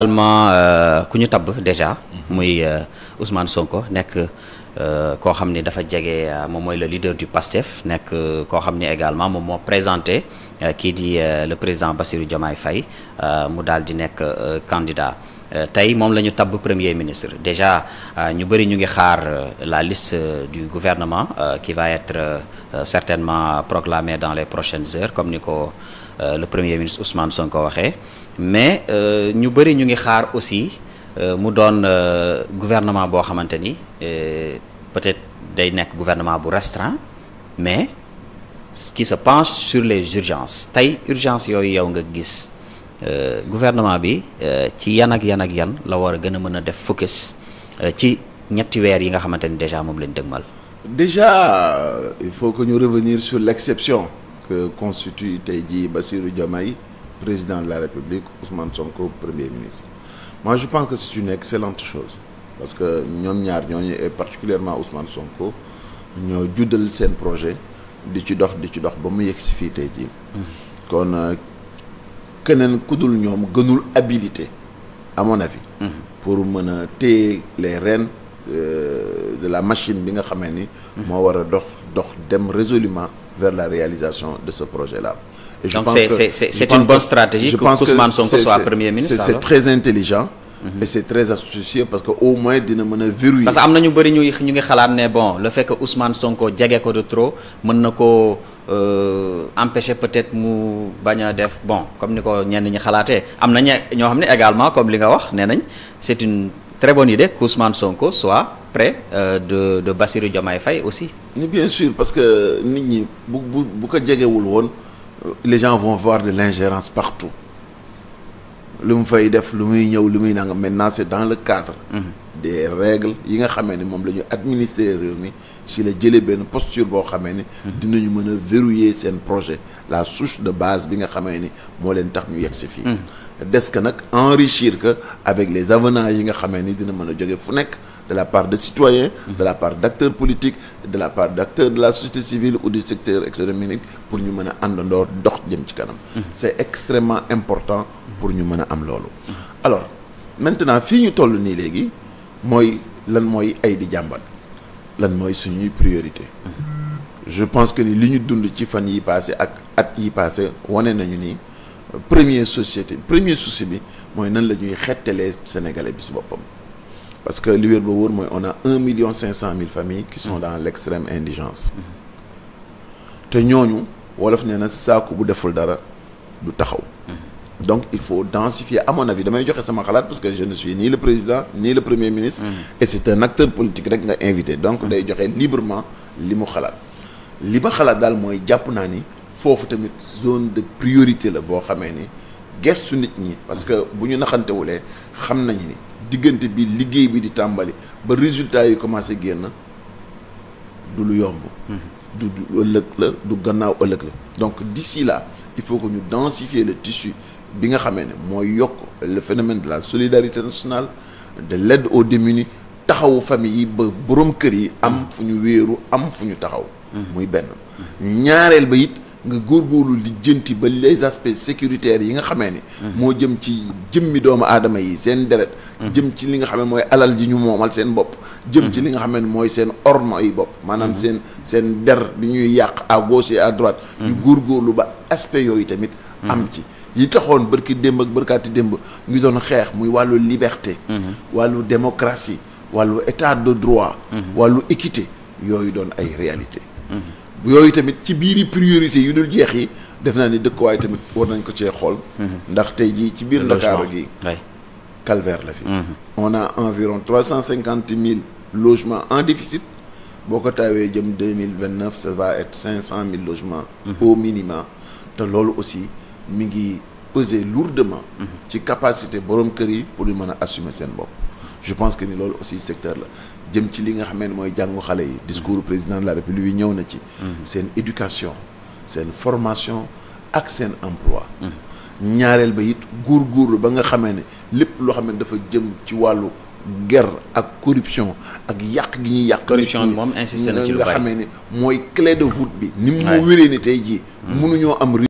finalement euh, ku ñu déjà mhm. muy euh, Ousmane Sonko nek, euh, koo xam dafa jege moom mooy le leader du PASTEF nek, koo xam ni également moom moo présenté qui dit le président Bassirou Diomaye Faye mu daal nek, candidat tey mom la ñu premier ministre déjà ñu bëri ñu ngi xaar la liste du gouvernement qui va être certainement proclamée dans les prochaines heures comme nous. Euh, le premier ministre Ousmane Sonko waxé mais euh, ñu bari ñu ngi xaar aussi euh, mu doon gouvernement bo xamanteni euh, peut-être day nekk gouvernement bu restreint mais qui se penche sur les urgences tay urgence yoy yow nga gis gouvernement bi ci yan ak yan ak yan la war a mëna def focus ci ñetti yi nga xamanteni déjà mom lañ dëgmal. Déjà, il faut que nous revenions sur l'exception que constitue tey Bassirou président de la République Ousmane Sonko premier ministre moi je pense que c'est une excellente chose parce que nous, ñaar et particulièrement Ousmane Sonko nous juddal seen projet di ci dox di ci dox ba mu yegg projet, nous avons kon euh, à mon avis mm-hmm. pour mener les rênes euh, de la machine bi nga xamee ni moo war résolument vers la réalisation de ce projet là et donc c'est une bonne stratégie que Ousmane Sonko soit premier ministre c'est très intelligent mais mhm. c'est très associé parce que au moins dina mën verrouiller parce que ñu bari ñu ñu ngi bon le fait que Ousmane Sonko jege ko de trop mën nako euh, empêcher peut-être mu baña def bon comme niko ko ñenn ñi xalaatee amna également comme li nga wax nañ c'est une très bonne idée Que Ousmane Sonko soit près euh, de de Bassirou Diomaye Faye aussi. bien sûr parce que euh, les gens vont voir de l'ingérence partout lu mu fay def lu muy a maintenant c'est dans le cadre. Mhm. des règles Il y a ni moom qui administrer réew si la jëlee une posture boo mhm. verrouiller ce projet la souche de base c'est ce xamee ni fait, leen tax ñu des enrichir avec les avantages yi nga de la part des citoyens de la part d'acteurs politiques de la part d'acteurs de la société civile ou du secteur économique pour nous mener à àndandoo dox jëm mm-hmm. extrêmement important pour nous mener à am alors maintenant si ñu le nii moi mooy lan mooy ay di lan moy une priorité mm-hmm. je pense que les li ñu dund ci fan yi passé ak at yi passé wane nañu ni première société premier souci bi mooy nan la xettalé sénégalais bi si boppam parce que li wér ba wóor moy on a un million cinq cent mille familles qui sont mm-hmm. dans l'extrême indigence mm-hmm. te ñooñu wolof néna saaku bu deful dara du taxaw mm-hmm. donc il faut densifier à mon avis damay joxe sama xalat parce que je ne suis ni le président ni le premier ministre et c'est un acteur politique rek nga invité donc day joxe librement limu xalat xalaat li ma xalaat daal ni fofu tamit zone de priorité la bo xamé ni gestu nit ñi parce que buñu naxanté wulé xam nañu ni digënté bi liggéey bi di tambali ba résultat yi commencé génn du lu yomb mm-hmm. du du la du gannaaw ëllëg la donc d'ici là il faut que ñu densifier le tissu bi nga xamé ni moy yok le phénomène de la solidarité nationale de l'aide aux démunis taxawu famille yi ba kër yi am fu ñu wéeru am fu ñu taxaw mm-hmm. muy benn mm-hmm. ñaareel ba it nga góor góorgóorlu lijjanti ba les aspects sécuritaires yi nga xamee ni mm-hmm. moo jëm ci jëmmi doomu aadama yi seen deret mm-hmm. jëm ci li nga xam ne mooy alal ji ñu moomal seen bopp jëm ci mm-hmm. li nga xam ne mooy seen orma yi bopp maanaam seen seen der bi ñuy yàq à gauche et à droite ñu góorgóorlu ba aspect yooyu tamit am ci yi taxoon bërki démb ak bërkaati démb ngi doon xeex muy wàllu liberté wàllu démocratie wàllu état de droit wàllu équité yooyu doon ay réalité yooyu tamit ci biir priorité yu dul jeex yi def naa ni dëkkuwaay tamit war nañ ko cee xool. Mhm. ndax tey jii ci biir Ndakaaru gi calvaire la fi. Mhm. on a environ trois cent logements en déficit boo ko taawee jëm 2029 ça va être cinq cent logements. Mhm. au minimum te loolu aussi mi ngi peser lourdement. ci capacité borom kër yi pour ñu mën a assumer seen bopp. je pense que ni loolu aussi secteur la jëm ci li nga xamee moy mooy xalé xale yi discours président de la république ñëw na ci une mm-hmm. éducation une formation ak sen emploi mm-hmm. ñaareel ba gour gour ba nga xamee ne lépp loo xam dafa jëm ci walu guerre ak corruption ak yaq gi ñuy yaq corruption mom insister na ci lu bari nga ne clé de voûte bi nim mu wéré ni ji mm-hmm. mënu ñoo am